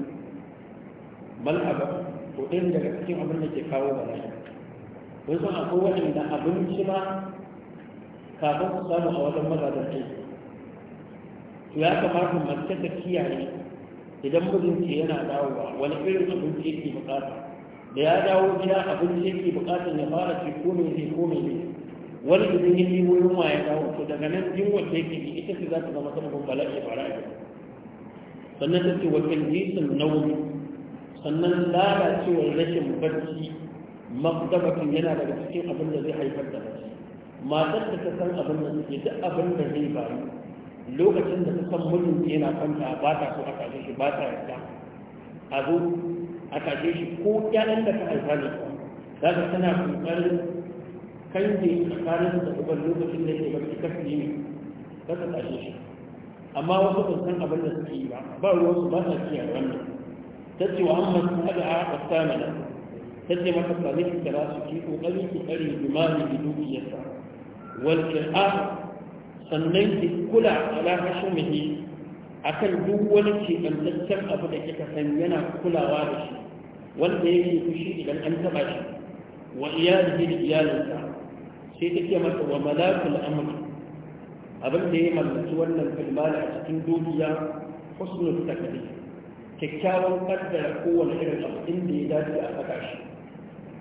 mal'aba ko ɗin daga cikin abin da ke kawo bala'i kun san akwai waɗanda abinci ba kafin ku samu a wajen mazajen aiki to ya kamata mace ta kiyaye idan mijinki yana dawowa wani irin abinci yake bukata da ya dawo gida abinci yake bukata ya fara ce ko me ne ko me ne wani idan ya yi wurin ma ya dawo to daga nan jin wanda yake ita ce za ta zama sababin bala'i fara a sannan ta ce wa tanjisun nauyi sannan lalacewar rashin barci makdabatin yana daga cikin abin da zai haifar da barci matar da ta san abin da suke duk abin da zai bayu lokacin da ta san mutum yana kwanta ba ta so a tashe shi ba ta yarda a zo a tashe shi ko ƴaƴan da ka haifa ne za ka tana kokarin kan je tsakanin da uban lokacin da ke barci kafin ne ka tashe shi amma wasu ban san abin da suke yi ba ba ruwan su ba sa kiyaye wannan ta ce wa amma su hada a kasamana ta ce maka sami ki kira su ki kokari su tsare limani da dukiyarsa wal a? sannan ki kula ala A kan duk wani keɓantaccen abu da kika san yana kulawa da shi wanda yake fushi idan an taɓa shi wa iyalihi da iyalinsa sai take masa wa malakul amri abin da ya mallaki wannan filmali a cikin dukiya husnul takdi kyakkyawan kaddara kowane irin abu inda ya dace a saka shi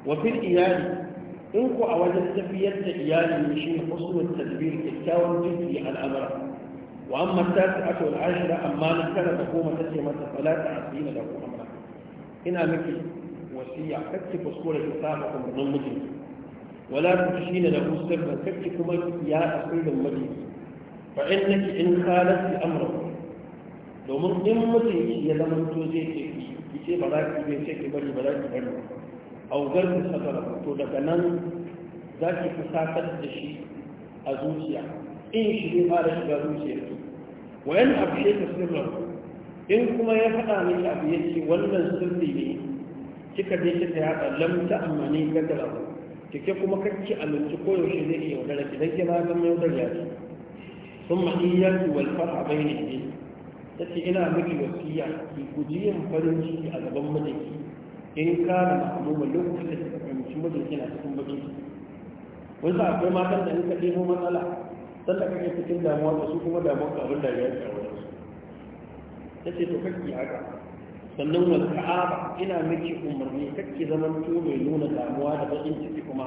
wa fil iyali in ku a wajen tafiyar da iyali ne shi husnul tadbir kyakkyawan jinki al'amara wa amma ta ta tasi'atu al'ashira amma na tara da goma tace mata salata asina da ku amra ina miki wasiya kacce kuskure ki saba kuma mijinki wala tushina da ku sirran kacce kuma ya asirin mijinki fa innaki in khalat bi domin in mutum ya zama to zai ce ki ce ba za ki bai ce ki bari ba za ki bari augar ki sakara to daga nan za ki fusatar da shi a zuciya in shi zai fara shiga zuciya. ki wayan abu shi ka sirrin in kuma ya faɗa ne miki abu ya ce wannan sirri ne kika je ta yaɗa lamta amma ne gadara kike kuma kakki aminci koyaushe zai iya yaudara ki dan kina zama yaudara ya ce ثم إياك والفرع بين الدين تتي إلى مكي وسيع في كجية فرنجي على ضمتك إن كان معموما لو كنت مدرك أن تكون بكيك وإذا أقول ما كانت أنك ليه مسألة sannan kake cikin damuwa da su kuma damuwa ka abin da ya a wurin ta ce to haka sannan wasu ina miki umarni kake zaman to mai nuna damuwa da bakin ciki kuma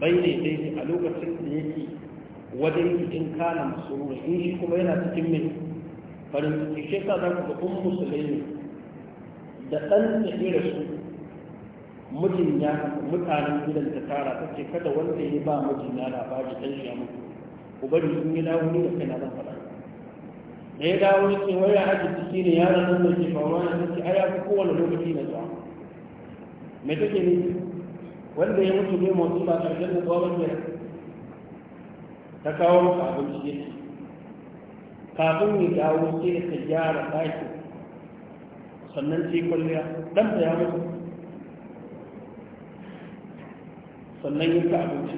bai ne dai a lokacin da yake wajen in kana musulmi in shi kuma yana cikin mai farin ciki shi ka zaka ga ummu musulmi da dan da su mutum ya mutanen gidan ta tara ta ce kada wanda ya ba mijin na labari ɗan shi ya mutu ubari bari sun dawo ni da kaina zan faɗa da ya dawo ya ce wai ya haji ciki ne yaron zan zan ke faruwa ne ta ce ai ya fi kowane lokaci na zuwa me take ne wanda ya mutu ne mutu ba a da tsawon kenan ta kawo maka abinci ya kafin ya dawo sai ka gyara ɗaki sannan sai kwalliya ɗan da ya mutu sannan ya ka abinci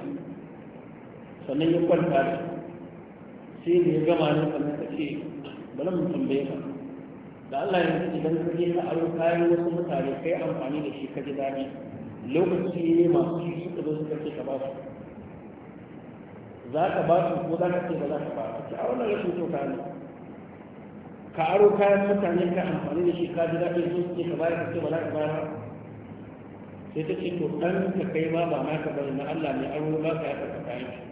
sannan ya kwanta ce, sai ne ya gama ne sannan ka ce bala mu tambaye ka da Allah ya idan ka je ka aro kayan wasu mutane kai amfani da shi ka ji daɗi lokaci ne masu shi suka zo suka ce ka ba su za ka ba su ko za ka ce ba za ka ba su a wannan rashin kyau ka ne ka aro kayan mutane ka amfani da shi ka ji daɗin su ce ka bayar ka ce ba za ka ba sai ta ce to ɗan ka kai ma ba ka ba na Allah ne aro ba ka ya ka kayan shi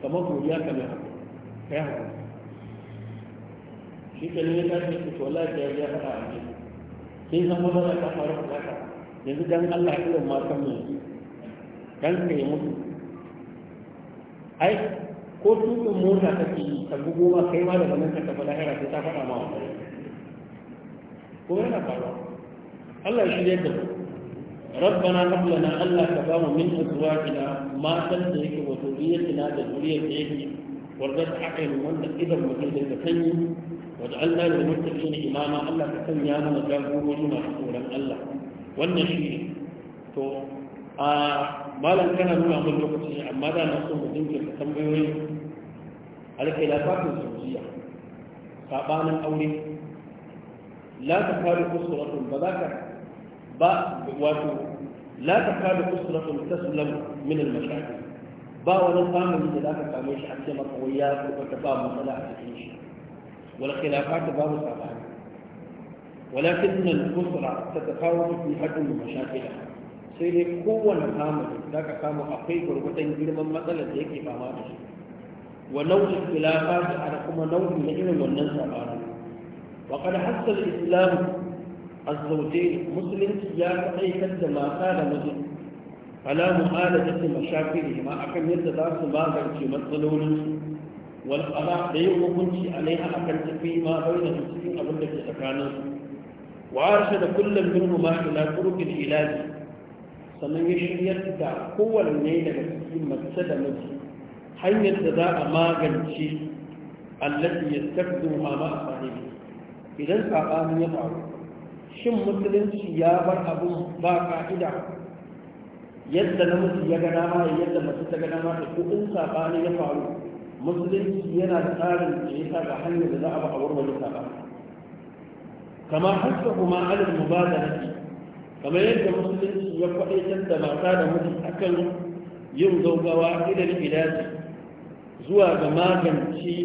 kamar godiya ka mai haƙuri kai haƙuri shi ka ne ta ce da to Allah ya ya faɗa a jini sai san wani za ka faru da ka yanzu dan Allah ma kan mai dan ka yi mutu ai ko tukun mota ta ke ta gugu ma kai ma da nan ka tafi lahira sai ta faɗa ma wata wani ko yana faruwa Allah ya shirya da mu rabbana Allah ka tabamu min azwajina ma san da yake wa zuriyatina da zuriyar da yake wardat aqil wanda idan mutum da sanyi, wata sanya wa ja'alna lil muttaqina imama Allah ka sanya mana jagorori masu tsoron Allah wannan shi ne to a malam kana nuna mun lokaci amma da na so mu dinga tambayoyi al-khilafatun zawjiyya sabanin aure la ta faru usratun ba za ka ba wato la ta faru usratun taslam min al-mashaqi ba wani samun da za ka same shi a ce maka wai ya kuka ba matsala a cikin shi wal khilafatu babu sabani ولكن الأسرة تتفاوت في حجم مشاكلها sai dai kowane family za ka samu akwai gwargwadon girman matsalar da yake fama da shi wa nau'in khilafa da kuma nau'in na irin wannan sabani wa qad hassa islam musulunci ya aikar da mata da miji ala mu'alajati mashakili ma akan yadda za su magance matsalolin wal qada da yin hukunci a akan tafi ma bayyana cikin abin da ke tsakaninsu wa da kullum minhum ma ila da ilaji sannan ya shiryar da kowanne daga cikin mace da mace hanyar da za a magance allafi ya tabbin hama a sahibi idan saɓanin ya faru shin musulunci ya bar abin ba ka'ida yadda namiji ya gana ma yadda mace ta gana ma ko in saɓanin ya faru musulunci yana da tsarin da ya sa ga hanyar da za a ba a warware saɓanin kama haska kuma alal mubadara kamar yadda musulunci ya faɗaitar da mata da mutum akan yin zaugawa idan ilaji zuwa ga magance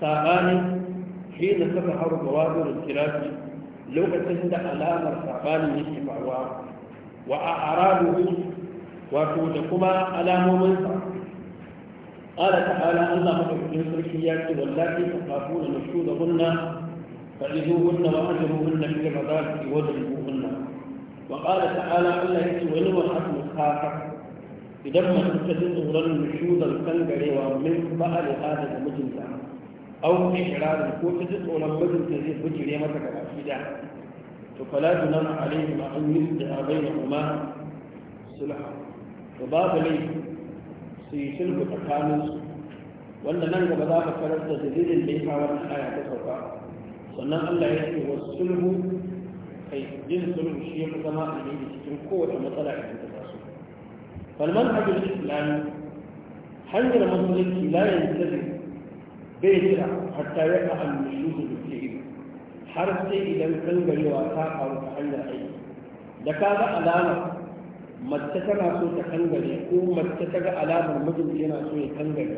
saɓanin shi da suka haru ga wadurin kirafi lokacin da alamar ya ke faruwa wa a wato da kuma alamominsa قال تعالى الله مكتبين سركيات واللاتي تخافون نشوذهن فإذوهن وأجروهن في المذاكر واضربوهن وقال تعالى الله يكي ولو حكم خاكا idan masu ta ji tsoron nushudar kangarewa min ba'ali hada da mijinta au ishirarin ko ta ji tsoron mijinta zai bujire mata ga baki da to fala tunan alaihi ma an yusda abai da kuma sulha to babu lai su yi sulhu tsakanin su wanda nan gaba za ka karanta dalilin da ya kawo aya ta sauka sannan Allah ya ce wa sulhu أي دين sulhu shi ya fi zama alheri cikin kowace matsala فالمنهج الإسلامي حير مسلم لا ينتبه بيتنا حتى يقع النشوز بالسعيد حرص إلى القلب لواساء أو تحير أي لكذا علامة متتنا سوء تحنجل يقوم متتنا علامة المجل جنا سوء تحنجل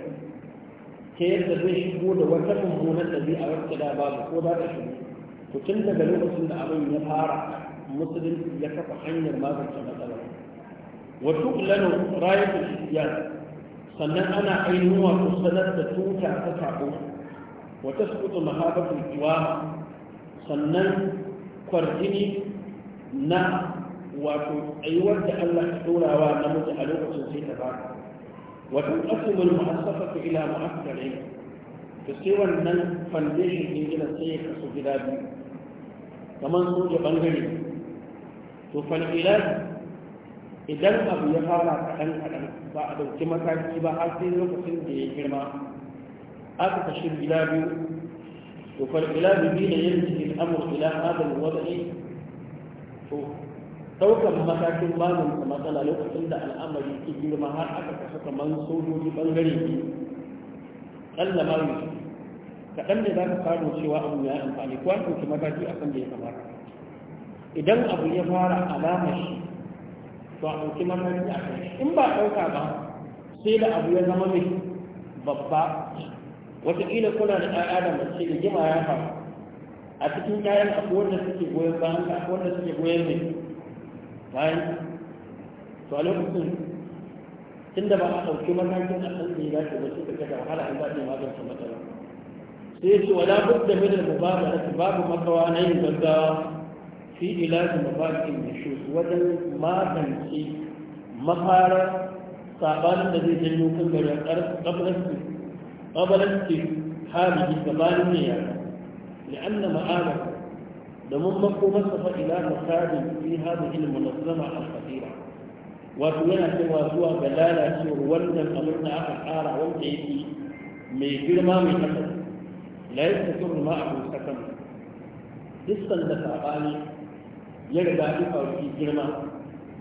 كيف تزيش بود وتفهمون تبيع وابتدى بابك وذا تشبه to tun daga lokacin da abin ya fara musulunci ya kafa hanyar magance matsalar wato lanu rayatul isyan sannan ana ainihin wato sanar da tuta ta sako wata sukutu mahabatul kiwama sannan kwarjini na wato aiwar da Allah ya turawa na mutu a lokacin sai ta baka wato asimul muhassafatu ila mu'akkari to sai wannan foundation din gina sai ya kasu gida biyu kamar soja bangare to fal'ilar idan abu ya fara kaɗan kaɗan ba a ɗauki mataki ba har sai lokacin da ya girma aka kashe gida biyu to fal'ilar biyu da yin cikin amur ila adam wada'i to ɗaukar matakin magance matsala lokacin da al'amari ke girma har aka kashe kamar sojoji bangare biyu ƙalla ma kaɗan ne za ka samu cewa abu ya amfani ko an ɗauki mataki a kan da ya kamata idan abu ya fara alama shi to a ɗauki mataki a kan in ba ɗauka ba sai da abu ya zama mai babba wataƙila kuna da ƴaƴa da mace da jima ya faru a cikin ƴaƴan abu wanda suke goyon bayan ka akwai wanda suke goyon mai bayan to a lokacin tun da ba a ɗauki matakin a kan da ya dace ba sai ka ga da wahala an ba magance matsalar sai ya ce wala budda min al-mubadara babu makawa na yin gaggawa fi ilaji mafakin nishus wajen magance mafara sabanin da zai janyo kan gari a ƙarfi ƙabalasti hariji gabanin ne yara li'anna ma'ana da mun mako masa fa'ila masarin fi haɗu ilimin munazzama al-fasira wato yana cewa zuwa ga lalacewar wannan abin da aka ƙara wanda yake mai girma mai ƙasar la yastatiru ma abu sakan dukkan da sabani ya riga ya faru girma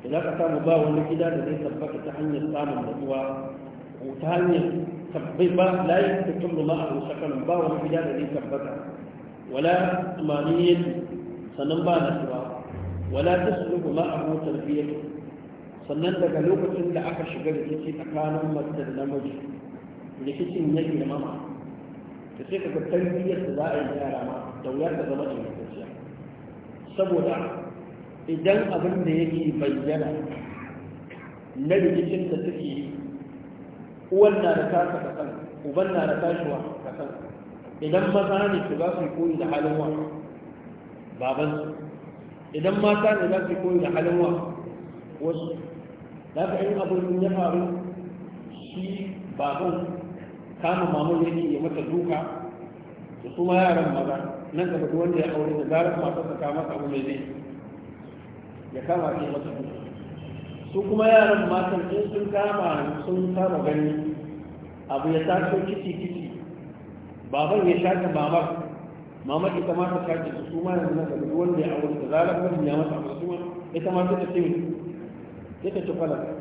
da za ka samu ba wani gida da zai tabbata ta hanyar samun natsuwa ko ta hanyar tabbai ba la yastatiru ma abu ba wani gida da zai tabbata wala sannan ba wala ma sannan daga lokacin da aka shiga rikici tsakanin mace da namiji rikicin ya mama. da sai kaga tarbiyyar da za a yi yara ma da wuyar da zama ingantacciya saboda idan abin da yake bayyana na rikicin da suke yi uwan na da tasa kasan uban na da tashiwa kasan idan maza ne su za su koyi da halin wa baban su, idan mata ne za su koyi da halin wa wasu za ka yi abin ya faru shi baban kama mamun ya ya mata duka da su ma yaran maza nan gaba duk wanda ya aure da zarar masu ta kama abu mai ya kama ke mata duka su kuma yaran matan in sun kama sun kama gani abu ya taso kici kici baban ya shaka mamar mamar ita ma ta shaki su su ma yanzu nan gaba duk wanda ya aure da zarar wani ya mata abu su ma ita ma ta ce ita ta falaka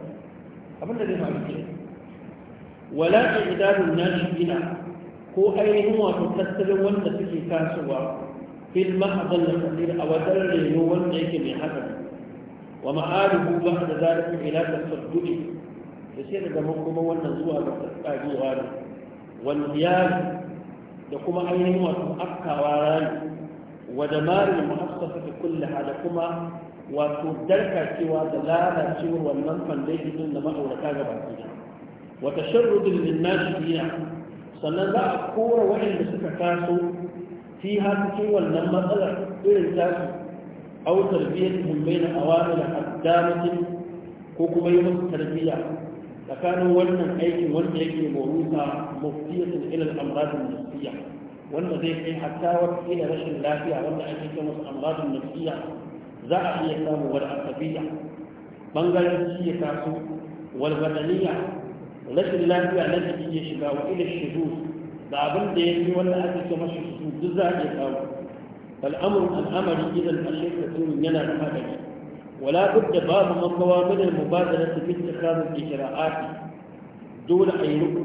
abinda da zai faru kenan wala nashi nashibina ko ainihin wato tattalin wanda suke kasuwa fil mahadal kadir a wajen reno wanda yake mai haɗari wa ma'aruhu ba da zalika ila tasaddudi da sai daga kuma wannan zuwa ga tsakajewa ne wal da kuma ainihin wato afkawa rani wa da marin muhassasati kullaha da kuma wato darkacewa da lalacewar wannan fandai da ma'aurata gaba ɗaya wata sharrudin linnashi biya sannan za a kora waɗanda suka taso fi cikin wannan matsalar irin tasu au tarbiyyar mumbai na awami da haddamatin ko kuma yi masu tarbiyya tsakanin wannan aikin wanda yake morusa muftiyatin ilal amradin nasiya wanda zai kai hatta wata ila rashin lafiya wanda ake kai masu amradin nasiya za a iya samu wani asabiya bangaren shi ya taso walbadaniya rashin lafiya na jiki ya shiga wa ila shudu da abin da ya fi wanda aka ce masa shudu duk za a iya kawo. al'amur al'amari idan a turin yana da magani. wala duk da babu makawa min al-mubadara fi ittikhadhi ijra'ati dole a yi ruku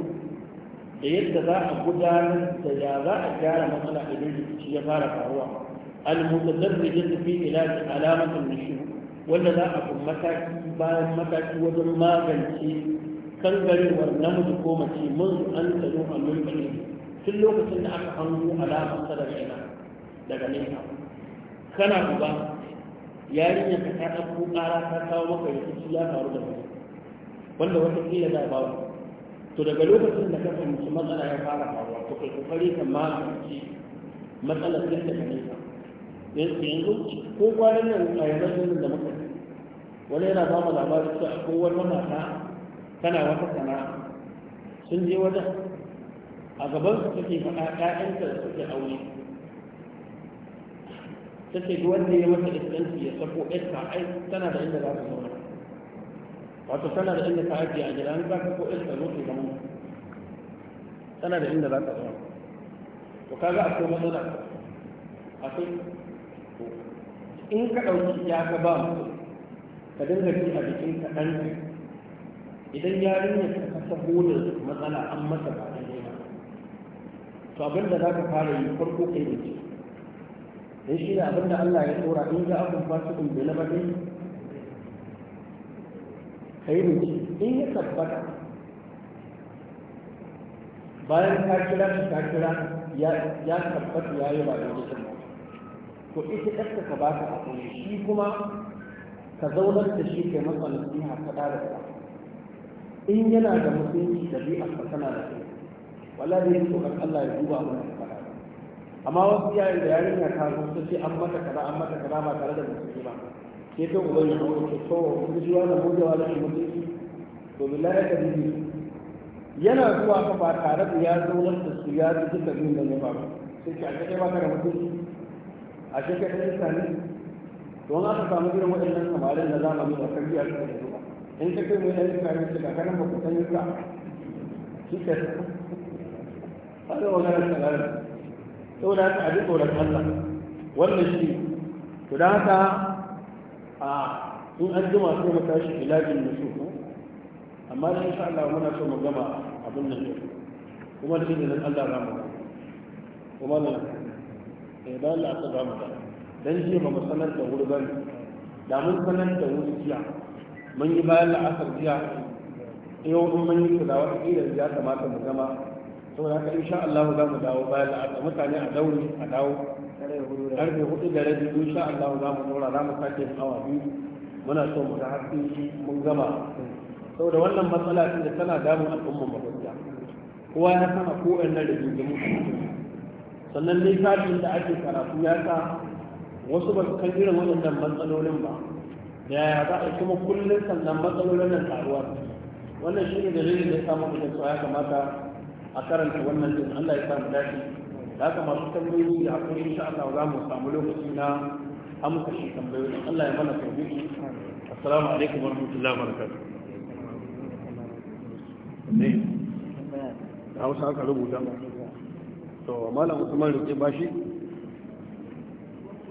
da yadda za a gudanar da ya za a gyara matsala idan rikici ya fara faruwa al-mutadarrijatu fi ilaji alamatin nushur wanda za a kuma mataki bayan mataki wajen magance kangarewar namiji ko mace mun an tsaro a mulki tun lokacin da aka hango alamar sa daga ina daga nesa kana uba yarinyar ka ta ɗauko ƙara ta kawo maka rikici ya faru da kai wanda wata kila za ba to daga lokacin da ka fahimci matsala ya fara faruwa to kai kokari ka magance matsalar tun daga nesa yanzu ko kwanan nan a yanzu da muka wani yana ba mu labarin cewa akwai wata mata tana wata sana'a sun je wajen a gabansu suke faɗa ƴaƴanta da suke aure ta ce duk wanda ya masa iskanci ya sako iska ai tana da inda za ka zauna wato tana da inda ka ajiye a gida za ka ko iska zo ka zama tana da inda za ka zauna to kaga akwai matsala kai in ka ɗauki ya ka ba mu ka dinga ji a jikin ka ɗan idan yarinya ta kasa da matsala an masa ba da nema to abin da za ka fara yi farko kai da ce dan shi ne abin da Allah ya tsora in ga abin in bai laba ne kai da ce in ya tabbata bayan ka kira shi ka kira ya tabbata ya yi ba da mutum to ita ɗarka ka ba ka haƙuri shi kuma ka zaunar da shi kai masa nasiha ka da da in yana da mutunci da bi a fasana da kai wala da yin tsoron Allah ya duba mana ya fara amma wasu yayin da yarinya ta zo ta ce an mata kaza an mata kaza ba tare da mutunci ba ke ta ubangi an wuce to kuma shi wannan mujewa da shi mutunci to billahi ka bibi yana zuwa ka ba tare da ya zo wanda su ya ji duka biyun da ya faru sai ki a kai ba ka da mutunci a kai ka da don aka samu irin waɗannan samarin na zamani da kan biya su da in ta kai mai ɗan tunanin su kakanin ba ku sani ba shi ke haka maganar salari saboda haka a duk tsoron Allah wannan shi to da haka a in an jima sai mu tashi ilajin nusufu amma shi insha Allah muna so mu gama abin nan kuma da izinin Allah za mu kuma na ya ba Allah ta za mu dan jiya ba mu sanar da wuri bane da mun sanar da wuri jiya mun yi bayan la'asar jiya yau in mun yi kudawa a ƙilar da kamata mu gama saboda haka insha Allah za mu dawo bayan la'asar mutane a daure a dawo karfe hudu da rabi insha Allah za mu dora za mu sake awa biyu muna so mu ga hatsi mun gama saboda wannan matsala ce da tana damun al'ummar makwabta kowa ya san a kowanne da jirgin sannan littafin da ake karatu ya sa wasu ba su kan irin waɗannan matsalolin ba da ya za a kuma kullum sannan matsalolin nan taruwa wannan shi ne dalilin da ya samu da su ya kamata a karanta wannan din Allah ya samu dadi da haka masu tambayoyi da akwai insha Allah za mu samu lokaci na amsa shi tambayoyin Allah ya mana tawfiki assalamu alaikum wa rahmatullahi wa barakatuh ne hausa aka rubuta to malam usman rike bashi